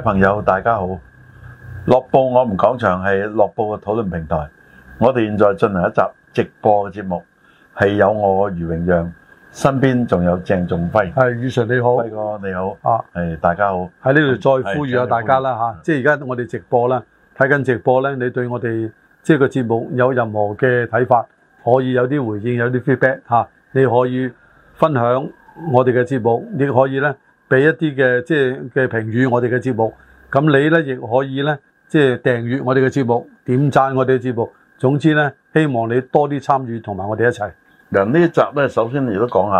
朋友大家好，樂報我們講場係樂報嘅討論平台，我哋現在進行一集直播嘅節目，係有我余榮讓，身邊仲有鄭仲輝，係余 Sir 你好，輝哥你好，啊，係大家好，喺呢度再呼籲下、啊、大家啦吓、啊，即係而家我哋直播啦，睇緊直播咧，你對我哋即係個節目有任何嘅睇法，可以有啲回應，有啲 feedback 吓、啊，你可以分享我哋嘅節目，亦可以咧。俾一啲嘅即係嘅評語，我哋嘅節目，咁你咧亦可以咧，即係訂閱我哋嘅節目，點讚我哋嘅節目。總之咧，希望你多啲參與同埋我哋一齊。嗱，呢一集咧，首先亦都講下，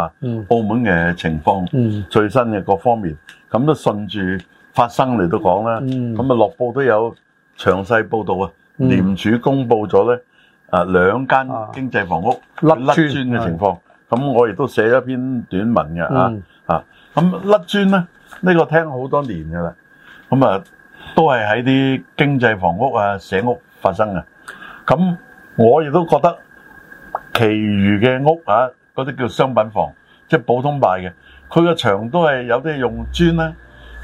澳門嘅情況，嗯，最新嘅各方面，咁都順住發生嚟到講啦，咁、嗯、啊，落、嗯、報都有詳細報導啊。廉、嗯、署公布咗咧，啊，兩間經濟房屋甩磚嘅情況，咁、嗯、我亦都寫一篇短文嘅、嗯、啊。咁甩磚咧，呢個聽好多年噶啦，咁啊都係喺啲經濟房屋啊、社屋發生嘅。咁我亦都覺得，其餘嘅屋啊，嗰啲叫商品房，即係普通買嘅，佢個牆都係有啲用磚咧，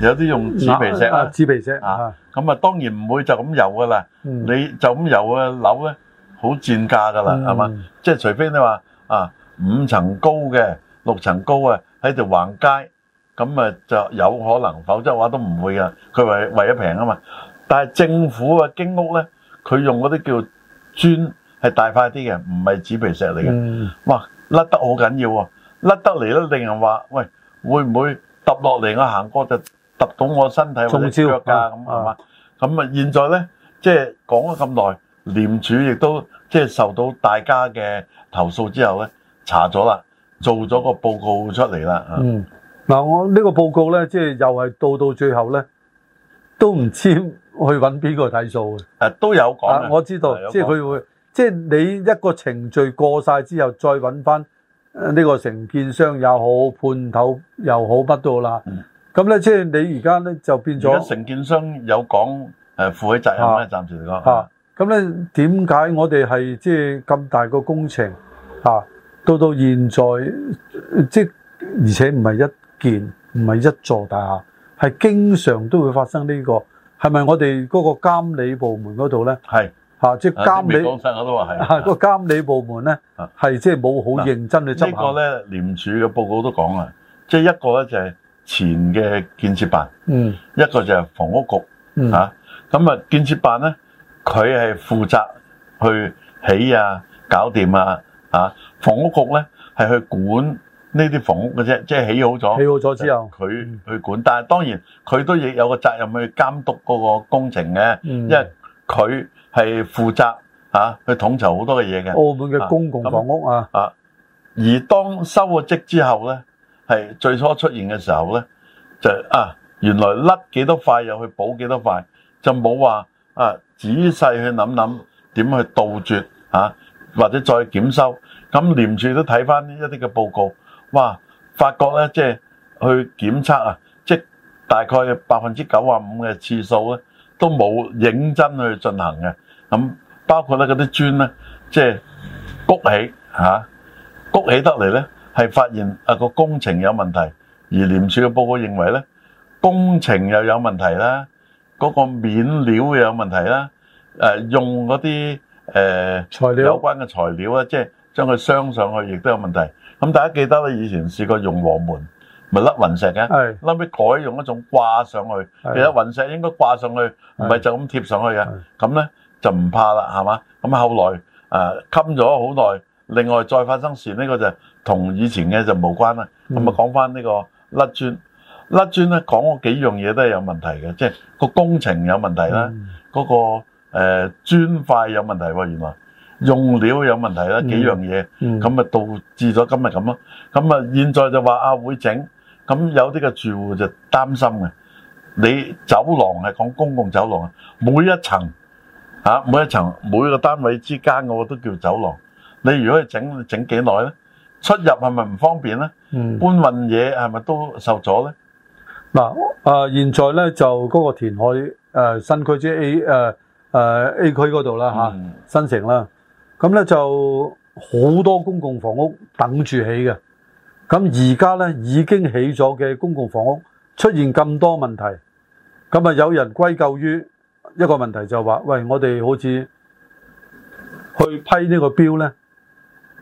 有啲用紙皮石啊，紙皮石啊，咁啊當然唔會就咁油噶啦，你就咁油嘅樓咧，好賤價噶啦，係嘛？即係除非你話啊五層高嘅、六層高啊，喺度橫街。咁啊，就有可能，否則嘅話都唔會嘅。佢為為咗平啊嘛。但係政府嘅經屋咧，佢用嗰啲叫磚，係大塊啲嘅，唔係紙皮石嚟嘅、嗯。哇，甩得好緊要啊！甩得嚟咧，令人話：喂，會唔會揼落嚟？我行過就揼到我身體中招或者腳啊咁係嘛？咁啊，現在咧，即係講咗咁耐，廉署亦都即係受到大家嘅投訴之後咧，查咗啦，做咗個報告出嚟啦。嗯。嗱，我呢個報告咧，即係又係到到最後咧，都唔知去揾邊個睇數誒，都有講，我知道，即係佢會，即係你一個程序過晒之後，再揾翻呢個承建商又好，判頭又好，不到啦。咁、嗯、咧，即係你而家咧就變咗。而家承建商有講誒負起責任啦，暫時嚟講。啊，咁咧點解我哋係即係咁大個工程、啊、到到現在即而且唔係一。件唔係一座大廈，係經常都會發生呢、這個，係咪我哋嗰個監理部門嗰度咧？係吓、啊，即係監理。你講我都話係個監理部門咧，係、啊、即係冇好認真去執行、啊這個、呢個咧，廉署嘅報告都講啦，即係一個咧就係前嘅建設辦，嗯，一個就係房屋局，吓、嗯、咁啊，建設辦咧，佢係負責去起啊、搞掂啊，啊，房屋局咧係去管，呢啲房屋嘅啫，即係起好咗，起好咗之後佢去管，但係當然佢都亦有個責任去監督嗰個工程嘅、嗯，因為佢係負責嚇去、啊、統籌好多嘅嘢嘅。澳門嘅公共房屋啊，啊，啊而當收咗職之後咧，係最初出現嘅時候咧，就啊原來甩幾多塊又去補幾多塊，就冇話啊仔細去諗諗點去杜絕啊，或者再檢修。咁、啊、廉署都睇翻呢一啲嘅報告。哇！發覺咧，即係去檢測啊，即係大概百分之九啊五嘅次數咧，都冇認真去進行嘅。咁包括咧嗰啲磚咧，即係谷起嚇，谷起得嚟咧，係發現啊個工程有問題。而廉署嘅報告認為咧，工程又有問題啦，嗰個面料又有問題啦，誒用嗰啲誒有關嘅材料啊，即係將佢鑲上去亦都有問題。咁大家記得咧，以前試過用黃銅，咪甩雲石嘅。係，後尾改用一種掛上去。係。其實雲石應該掛上去，唔係就咁貼上去嘅。咁咧就唔怕啦，係嘛？咁後來誒襟咗好耐。另外再發生事呢個就同以前嘅就冇關啦。咁啊講翻呢個甩磚，甩磚咧講幾樣嘢都係有問題嘅，即係個工程有問題啦，嗰個誒磚塊有問題喎，原來。用料有問題啦，幾樣嘢，咁咪導致咗今日咁咯。咁啊，現在就話啊會整，咁有啲嘅住戶就擔心嘅。你走廊係講公共走廊啊，每一層啊，每一層每個單位之間，我都叫走廊。你如果係整，整幾耐咧？出入係咪唔方便咧？搬運嘢係咪都受阻咧？嗱，誒現在咧就嗰個填海誒新區即係 A 誒誒 A 區嗰度啦嚇，新城啦。咁咧就好多公共房屋等住起嘅，咁而家咧已經起咗嘅公共房屋出現咁多問題，咁啊有人歸咎於一個問題，就話：「喂，我哋好似去批呢個標咧，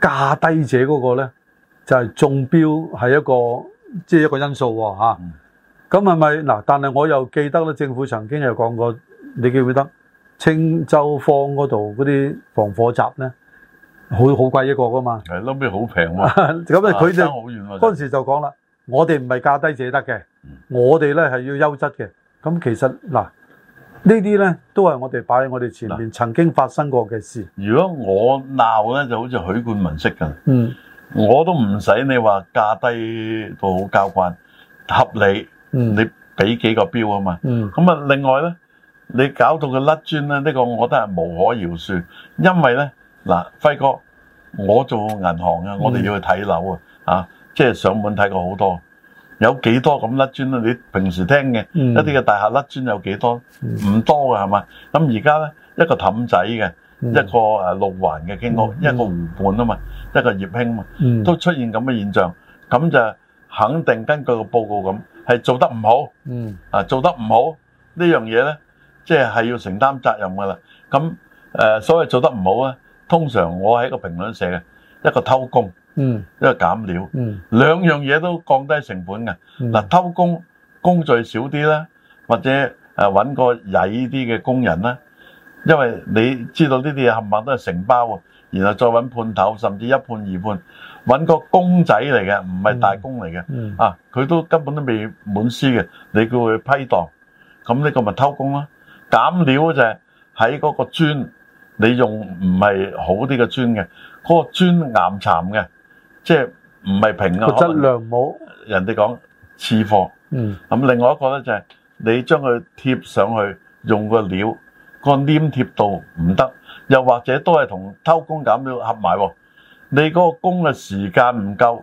價低者嗰個咧就係中標，係一個即係一個因素喎。」吓，咁係咪嗱？但係我又記得咧，政府曾經又講過，你記唔記得？青洲坊嗰度嗰啲防火閘咧，好好貴一個噶嘛。係，後尾好平喎。咁咧佢就，當時就講啦，我哋唔係價低者得嘅，我哋咧係要優質嘅。咁其實嗱，呢啲咧都係我哋擺喺我哋前面曾經發生過嘅事。如果我鬧咧，就好似許冠文識噶。嗯，我都唔使你話價低到好交關，合理，你俾幾個標啊嘛。嗯，咁啊，另外咧。你搞到佢甩磚咧？呢、這個我覺得係無可饒恕，因為咧嗱，輝哥，我做銀行啊，我哋要去睇樓、嗯、啊，即係上門睇過好多，有幾多咁甩磚呢？你平時聽嘅、嗯、一啲嘅大廈甩磚有幾多？唔、嗯、多嘅係嘛？咁而家咧一個氹仔嘅、嗯、一個誒路環嘅經過、嗯嗯、一個湖畔啊嘛，一個業興啊，都出現咁嘅現象，咁就肯定根據個報告咁係做得唔好，嗯、啊做得唔好呢樣嘢咧。即係要承擔責任噶啦。咁誒，所以做得唔好咧，通常我喺個評論寫嘅一個偷工，嗯，一個減料，嗯，兩樣嘢都降低成本嘅。嗱，偷工工序少啲啦，或者誒揾個曳啲嘅工人啦，因為你知道呢啲嘢冚唪唥都係承包啊，然後再揾判頭，甚至一判二判揾個工仔嚟嘅，唔係大工嚟嘅，嗯，啊，佢都根本都未滿師嘅，你叫佢批檔，咁呢個咪偷工咯。減料就係喺嗰個磚，你用唔係好啲嘅磚嘅，嗰個磚岩巉嘅，即係唔係平啊嘛。個質量唔好。人哋講次貨。嗯。咁另外一個咧就係你將佢貼上去，用個料嗰個黏貼度唔得，又或者都係同偷工減料合埋喎。你嗰個工嘅時間唔夠，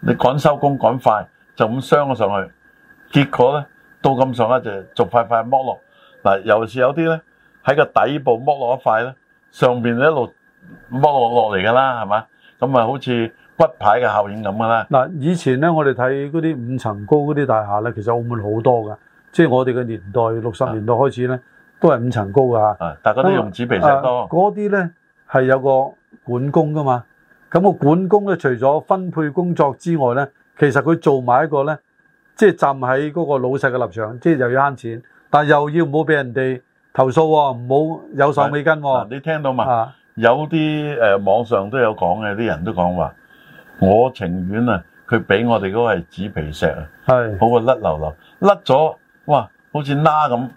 你趕收工趕快就咁鑲咗上去，結果咧到咁上咧就逐塊塊剝落。嗱，尤其是有啲咧喺個底部剝落一塊咧，上邊一路剝落落嚟㗎啦，係嘛？咁啊，好似骨牌嘅效應咁㗎啦。嗱，以前咧，我哋睇嗰啲五層高嗰啲大廈咧，其實澳門好多㗎，即係我哋嘅年代六十年代開始咧，啊，都係五層高㗎。大家都用紙皮石多。嗰啲咧係有個管工㗎嘛，咁個管工咧除咗分配工作之外咧，其實佢做埋一個咧，即係站喺嗰個老實嘅立場，即係又要慳錢。啊！又要唔好俾人哋投訴喎，唔好有手尾跟喎。你聽到嘛？有啲誒網上都有講嘅，啲人都講話，我情願啊，佢俾我哋嗰個係紙皮石啊，好過甩流流甩咗，哇！好似拉咁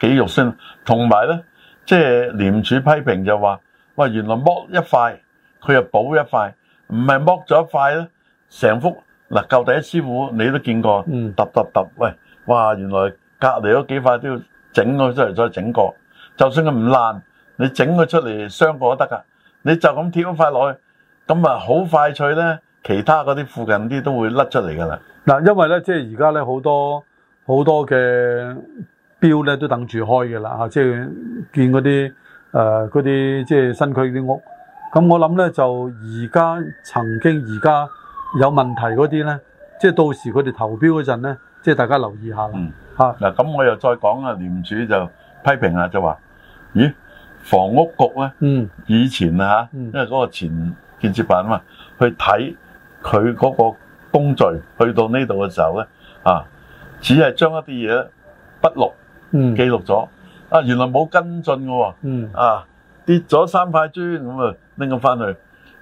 幾肉酸。同埋咧，即係廉署批評就話，喂，原來剝一塊佢又補一塊，唔係剝咗一塊咧，成幅嗱，舊第一師傅你都見過，揼揼揼，喂，哇！原來。隔離嗰幾塊都要整佢出嚟再整過，就算佢唔爛，你整佢出嚟傷過都得噶。你就咁貼一塊落去，咁啊好快脆咧，其他嗰啲附近啲都會甩出嚟噶啦。嗱，因為咧，即係而家咧好多好多嘅標咧都等住開㗎啦吓，即係見嗰啲誒嗰啲即係新區啲屋。咁我諗咧就而家曾經而家有問題嗰啲咧，即係到時佢哋投標嗰陣咧，即係大家留意下。嗯啊嗱，咁我又再講啊，廉署就批評啦，就話咦，房屋局咧，嗯，以前啊嚇、嗯，因為嗰個前建設辦嘛，去睇佢嗰個工序去到呢度嘅時候咧，啊，只係將一啲嘢筆錄記錄咗，啊，原來冇跟進嘅喎，嗯，啊，跌咗三塊磚咁啊拎咗翻去，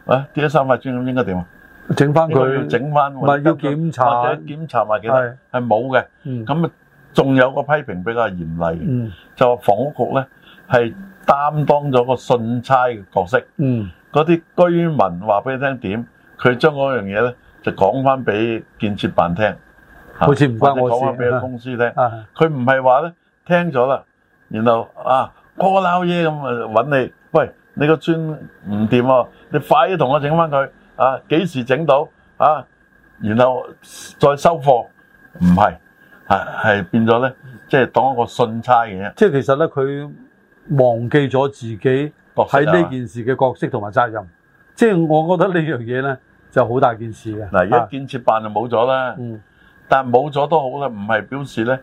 喂、啊，跌咗三塊磚咁應該點啊？整翻佢，整翻，唔係要檢查，或、啊、者檢查埋幾多？係冇嘅，咁、嗯、啊。嗯仲有個批評比較嚴厲，就話房屋局咧係擔當咗個信差嘅角色，嗰啲居民話俾你聽點，佢將嗰樣嘢咧就講翻俾建設辦聽，好似唔關我事，講翻俾公司聽，佢唔係話咧聽咗啦，然後啊過鬧嘢咁啊揾你，喂你個磚唔掂啊，你快啲同我整翻佢啊，幾時整到啊，然後再收貨，唔係。係係變咗咧，即係當一個信差嘅。即係其實咧，佢忘記咗自己喺呢件事嘅角色同埋責任。即係我覺得呢樣嘢咧就好大件事嘅。嗱，而家建設辦就冇咗啦。嗯，但係冇咗都好啦，唔係表示咧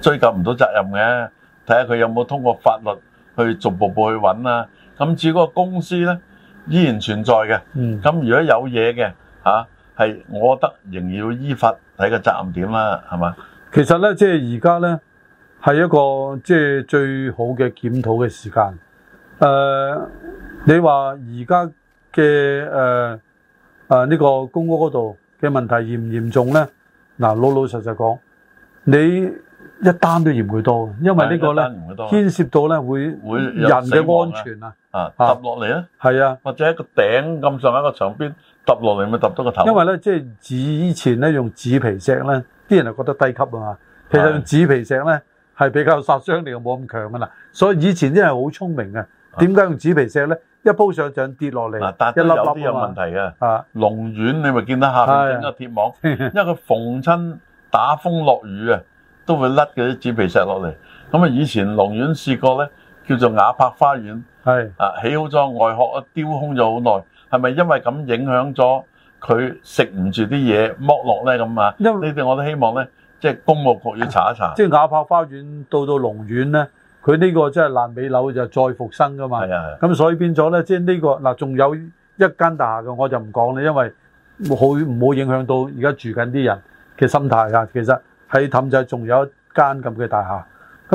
追究唔到責任嘅。睇下佢有冇通過法律去逐步步去揾啦。咁至於嗰個公司咧，依然存在嘅。嗯，咁如果有嘢嘅，吓係我覺得仍然要依法睇個責任點啦，係嘛？其實咧，即係而家咧，係一個即係最好嘅檢討嘅時間。誒、呃，你話而家嘅誒誒呢個公屋嗰度嘅問題嚴唔嚴重咧？嗱，老老實實講，你。一單都嫌佢多，因為呢個咧牽涉到咧會會人嘅安全啊！啊，揼落嚟係啊，或者喺個頂咁上喺個牆邊揼落嚟咪揼到個頭。因為咧，即係以前咧用紙皮石咧，啲人又覺得低級啊嘛。其實用紙皮石咧係比較殺傷力又冇咁強噶啦。所以以前真係好聰明嘅，點解用紙皮石咧？一鋪上上跌落嚟，一粒粒啊！龍苑、啊、你咪見得下面一個，整個鐵網，因為佢逢親打風落雨啊。都會甩嘅啲紙皮石落嚟，咁啊以前龍苑試過咧，叫做雅柏花園，係啊起好咗外殼啊雕空咗好耐，係咪因為咁影響咗佢食唔住啲嘢剝落咧咁啊？因為你哋我都希望咧，即係公務局要查一查。即係雅柏花園到到龍苑咧，佢呢個即係爛尾樓就再復生噶嘛。係啊，咁所以變咗咧，即係呢個嗱，仲有一間大廈嘅，我就唔講喇，因為好唔好影響到而家住緊啲人嘅心態啊？其實。係氹仔仲有一間咁嘅大廈，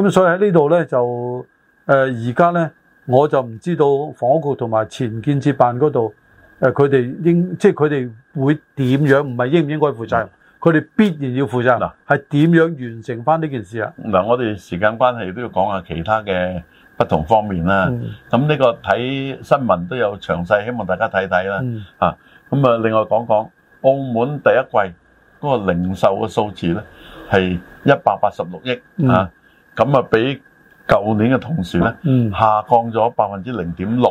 咁所以喺呢度咧就誒而家咧，我就唔知道房屋局同埋前建設辦嗰度誒，佢哋應即係佢哋會點樣？唔係應唔應該負責任？佢、嗯、哋必然要負責，係、嗯、點樣完成翻呢件事啊？嗱、嗯嗯，我哋時間關係都要講下其他嘅不同方面啦。咁呢個睇新聞都有詳細，希望大家睇睇啦。啊，咁啊，另外講講澳門第一季嗰個零售嘅數字咧。係一百八十六億啊，咁啊比舊年嘅同時咧下降咗百分之零點六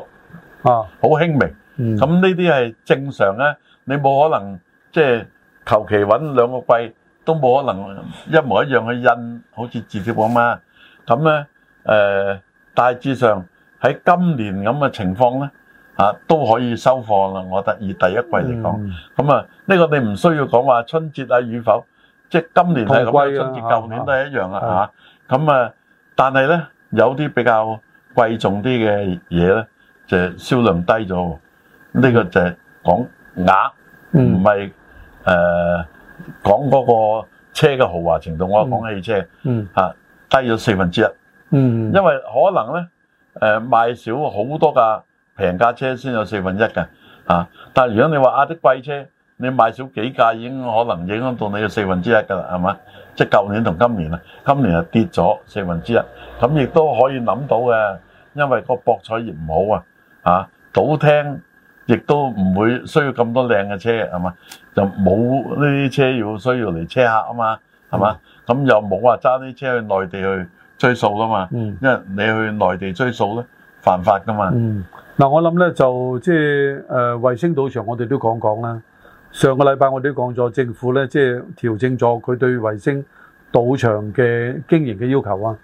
啊，好輕微。咁呢啲係正常咧，你冇可能即係求其揾兩個季，都冇可能一模一樣去印，好似字貼咁啊。咁咧誒大致上喺今年咁嘅情況咧啊都可以收貨啦。我覺得以第一季嚟講，咁、嗯、啊呢、呢個你唔需要講話春節啊與否。即係今年係咁嘅景節，舊年都係一樣啊，咁啊，但係咧有啲比較貴重啲嘅嘢咧，就銷量低咗。呢、呢個就係講額，唔係誒講嗰個車嘅豪華程度。嗯、我講汽車嚇、嗯啊、低咗四分之一。嗯，因為可能咧誒、呃、賣少好多架平價車先有四分之一嘅，、啊、但如果你話啲貴車，你買少幾架已經可能影響到你嘅四分之一㗎啦，係嘛？即係舊年同今年啊，今年係跌咗四分之一，咁亦都可以諗到嘅，因為個博彩業唔好啊，嚇賭廳亦都唔會需要咁多靚嘅車，係嘛？就冇呢啲車要需要嚟車客啊嘛，係嘛？咁又冇話揸啲車去內地去追數啊嘛，因為你去內地追數咧犯法㗎嘛。嗯，嗱我諗咧就即係誒衛星賭場，我哋都講講啦。上個禮拜我哋都講咗，政府咧即係調整咗佢對衛星賭場嘅經營嘅要求啊。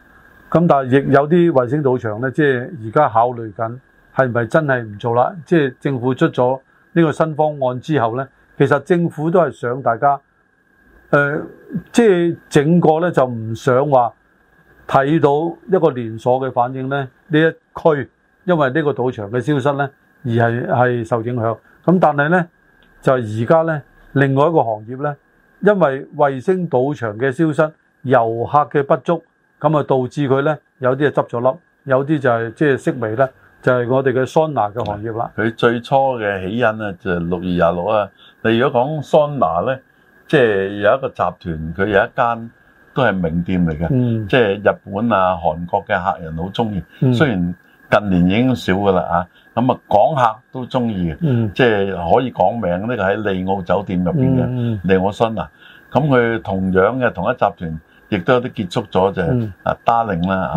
咁但係亦有啲衛星賭場咧，即係而家考慮緊係咪真係唔做啦？即係政府出咗呢個新方案之後咧，其實政府都係想大家，誒、呃，即係整個咧就唔想話睇到一個連鎖嘅反應咧，呢一區，因為呢個賭場嘅消失咧而係係受影響。咁但係咧。就係而家咧，另外一個行業咧，因為衞星賭場嘅消失、遊客嘅不足，咁啊導致佢咧有啲啊執咗笠，有啲就係即係息微咧，就係、是、我哋嘅桑拿嘅行業啦。佢最初嘅起因啊，就係六月廿六啊。你如果講桑拿咧，即係有一個集團，佢有一間都係名店嚟嘅，即、嗯、係、就是、日本啊、韓國嘅客人好中意。雖然近年已經少噶啦啊。咁啊，港客都中意嘅，即係可以講名呢個喺利澳酒店入面嘅、嗯、利奧桑拿。咁、嗯、佢同樣嘅同一集團，亦都有啲結束咗、嗯、就係、是、啊、嗯，達令啦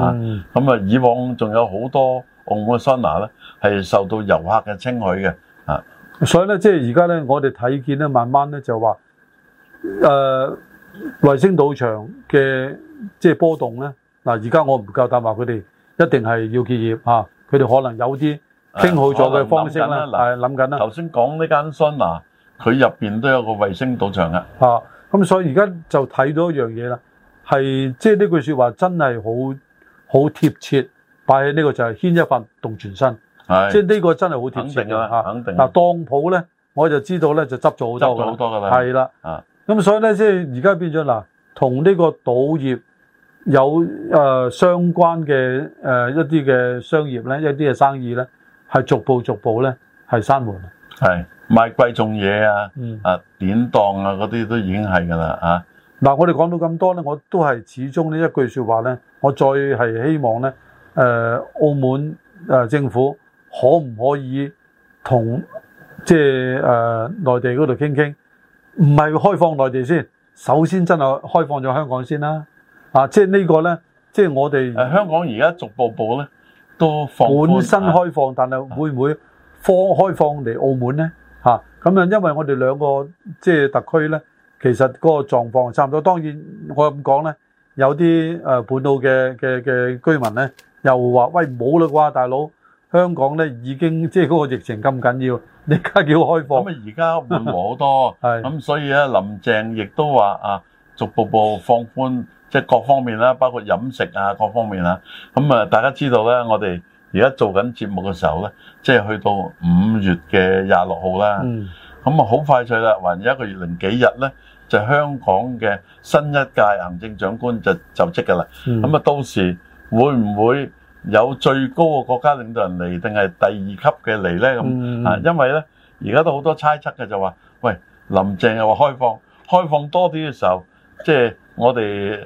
嚇。咁啊，以往仲有好多澳門桑拿咧，係受到遊客嘅稱許嘅啊。所以咧，即係而家咧，我哋睇見咧，慢慢咧就話誒，衛、呃、星賭場嘅即係波動咧。嗱，而家我唔夠膽話佢哋一定係要結業嚇，佢哋、啊、可能有啲。傾好咗嘅方式啦，嗱諗緊啦。頭先講呢間桑拿，佢入邊都有個衛星賭場嘅。咁、啊、所以而家就睇到一樣嘢啦，係即係呢句說話真係好好貼切，擺喺呢個就係牽一髮動全身。係，即係呢個真係好貼切嘅吓。肯定。嗱、啊啊、當鋪咧，我就知道咧就執咗好多嘅，係啦。啊，咁、啊、所以咧即係而家變咗嗱，同呢個賭業有誒、呃、相關嘅誒、呃、一啲嘅商業咧，一啲嘅生意咧。係逐步逐步咧，係閂門。係賣貴重嘢啊，啊典當啊嗰啲都已經係噶啦啊，嗱，我哋講到咁多咧，我都係始終呢一句說話咧，我再係希望咧，誒、呃，澳門誒政府可唔可以同即係誒、呃、內地嗰度傾傾？唔係開放內地先，首先真係開放咗香港先啦、啊。啊，即係呢個咧，即係我哋、啊、香港而家逐步步咧。放本身開放，啊、但係會唔會放開放嚟澳門呢？咁啊，因為我哋兩個即係、就是、特區呢，其實嗰個狀況差唔多。當然我咁講呢，有啲誒本土嘅嘅嘅居民呢，又話喂，冇啦啩，大佬香港呢已經即係嗰個疫情咁緊要，你而家叫開放咁啊？而家緩和好多，咁， 所以呢，林鄭亦都話啊，逐步步放寬。即係各方面啦，包括飲食啊，各方面啊。咁、嗯、啊，大家知道咧，我哋而家做緊節目嘅時候咧，即係去到五月嘅廿六號啦。咁、嗯、啊，好快脆啦，還有一個月零幾日咧，就香港嘅新一屆行政長官就就職㗎啦。咁、嗯、啊，到時會唔會有最高嘅國家領導人嚟，定係第二級嘅嚟咧？咁、嗯、啊，因為咧，而家都好多猜測嘅，就話喂，林鄭又話開放，開放多啲嘅時候，即係我哋。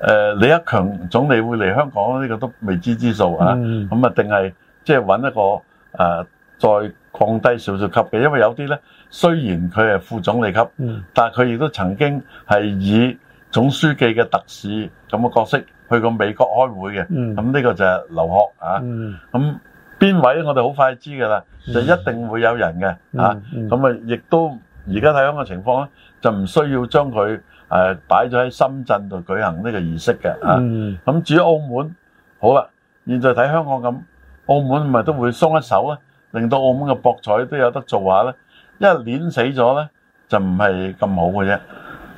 誒、呃、李克強總理會嚟香港呢、這個都未知之數啊！咁、嗯、啊，定係即係揾一個誒、呃，再降低少少級嘅？因為有啲咧雖然佢係副總理級，嗯、但佢亦都曾經係以總書記嘅特使咁嘅角色去過美國開會嘅。咁、嗯、呢個就係劉鶴啊！咁、嗯、邊位我哋好快知㗎啦、嗯，就一定會有人嘅、嗯嗯、啊！咁啊，亦都而家睇緊個情況咧。就唔需要將佢誒擺咗喺深圳度舉行呢個儀式嘅啊、嗯！咁至於澳門，好啦，現在睇香港咁，澳門咪都會鬆一手咧，令到澳門嘅博彩都有得做下咧。一碾死咗咧，就唔係咁好嘅啫。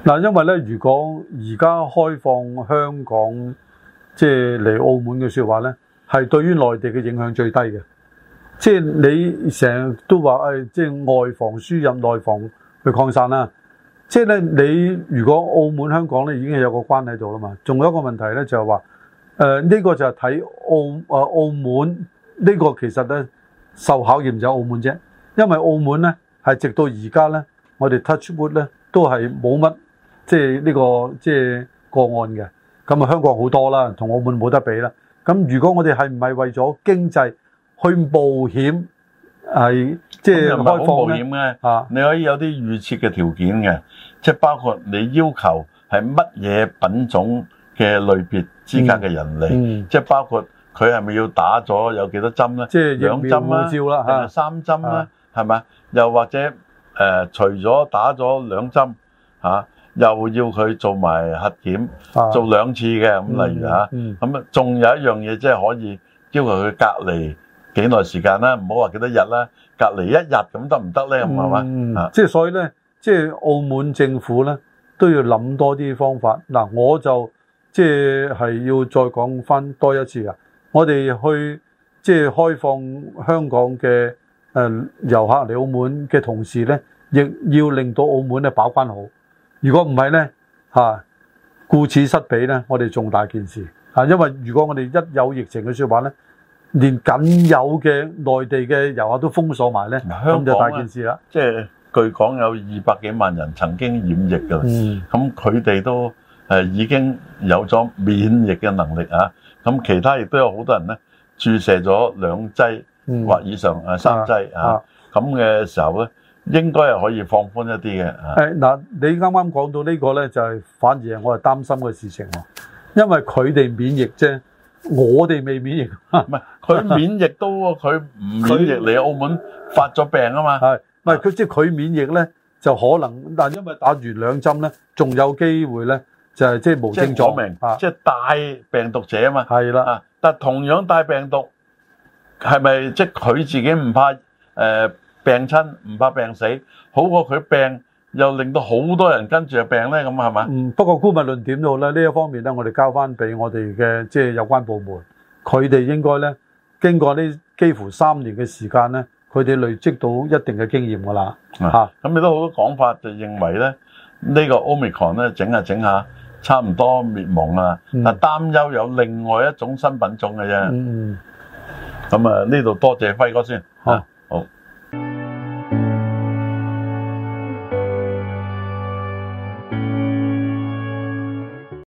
嗱，因為咧，如果而家開放香港即係嚟澳門嘅說話咧，係對於內地嘅影響最低嘅。即係你成日都話誒，即係外防輸入，內防去擴散啦、啊。即係咧，你如果澳門香港咧已經係有個關喺度啦嘛，仲有一個問題咧就係話，誒、呃、呢、呢個就係睇澳誒澳門呢、呢個其實咧受考驗就澳門啫，因為澳門咧係直到而家咧，我哋 touch wood 咧都係冇乜即係、呢、呢個即係個案嘅，咁啊香港好多啦，同澳門冇得比啦。咁如果我哋係唔係為咗經濟去冒險係？.即係唔係好保險嘅，你可以有啲預設嘅條件嘅，即係包括你要求係乜嘢品種嘅類別之間嘅人嚟，即係包括佢係咪要打咗有幾多針咧？即係兩針啦，定係三針啦，係咪？又或者誒，除咗打咗兩針嚇，又要佢做埋核檢，做兩次嘅咁，例如嚇，咁啊，仲有一樣嘢即係可以要求佢隔離幾耐時間啦，唔好話幾多日啦。隔離一日咁得唔得咧？唔係嘛？即係所以咧，即係澳門政府咧都要諗多啲方法。嗱，我就即係係要再講返多一次啊！我哋去即係開放香港嘅誒遊客嚟澳門嘅同時咧，亦要令到澳門咧把關好。如果唔係咧嚇，顧此失彼咧，我哋重大件事啊！因為如果我哋一有疫情嘅說話咧，連僅有嘅內地嘅遊客都封鎖埋咧，香港就大件事啦。即係據講有二百幾萬人曾經染疫㗎，咁佢哋都誒已經有咗免疫嘅能力啊。咁其他亦都有好多人咧注射咗兩劑或以上誒三劑、嗯嗯、啊咁嘅時候咧，應該係可以放寬一啲嘅。誒、嗯、嗱，你啱啱講到呢、這個咧，就係、是、反而係我係擔心嘅事情喎，因為佢哋免疫啫。我哋未免疫，唔係佢免疫都佢唔免疫嚟澳門發咗病啊嘛，係唔係？佢即係佢免疫咧，就可能，但係因為打完兩針咧，仲有機會咧，就係即係無症狀，即係帶病毒者啊嘛，係啦啊！但係同樣帶病毒，係咪即係佢自己唔怕誒病親，唔怕病死，好過佢病。又令到好多人跟住病咧，咁係咪？嗯，不過姑勿論點到咧，呢一方面咧，我哋交翻俾我哋嘅即係有關部門，佢哋應該咧經過呢幾乎三年嘅時間咧，佢哋累積到一定嘅經驗噶啦。吓、啊，咁亦都好多講法就認為咧，呢、呢個 omicron 咧整下整下差唔多滅亡啦，啊擔憂有另外一種新品種嘅啫。嗯，咁啊呢度多謝輝哥先。啊、好。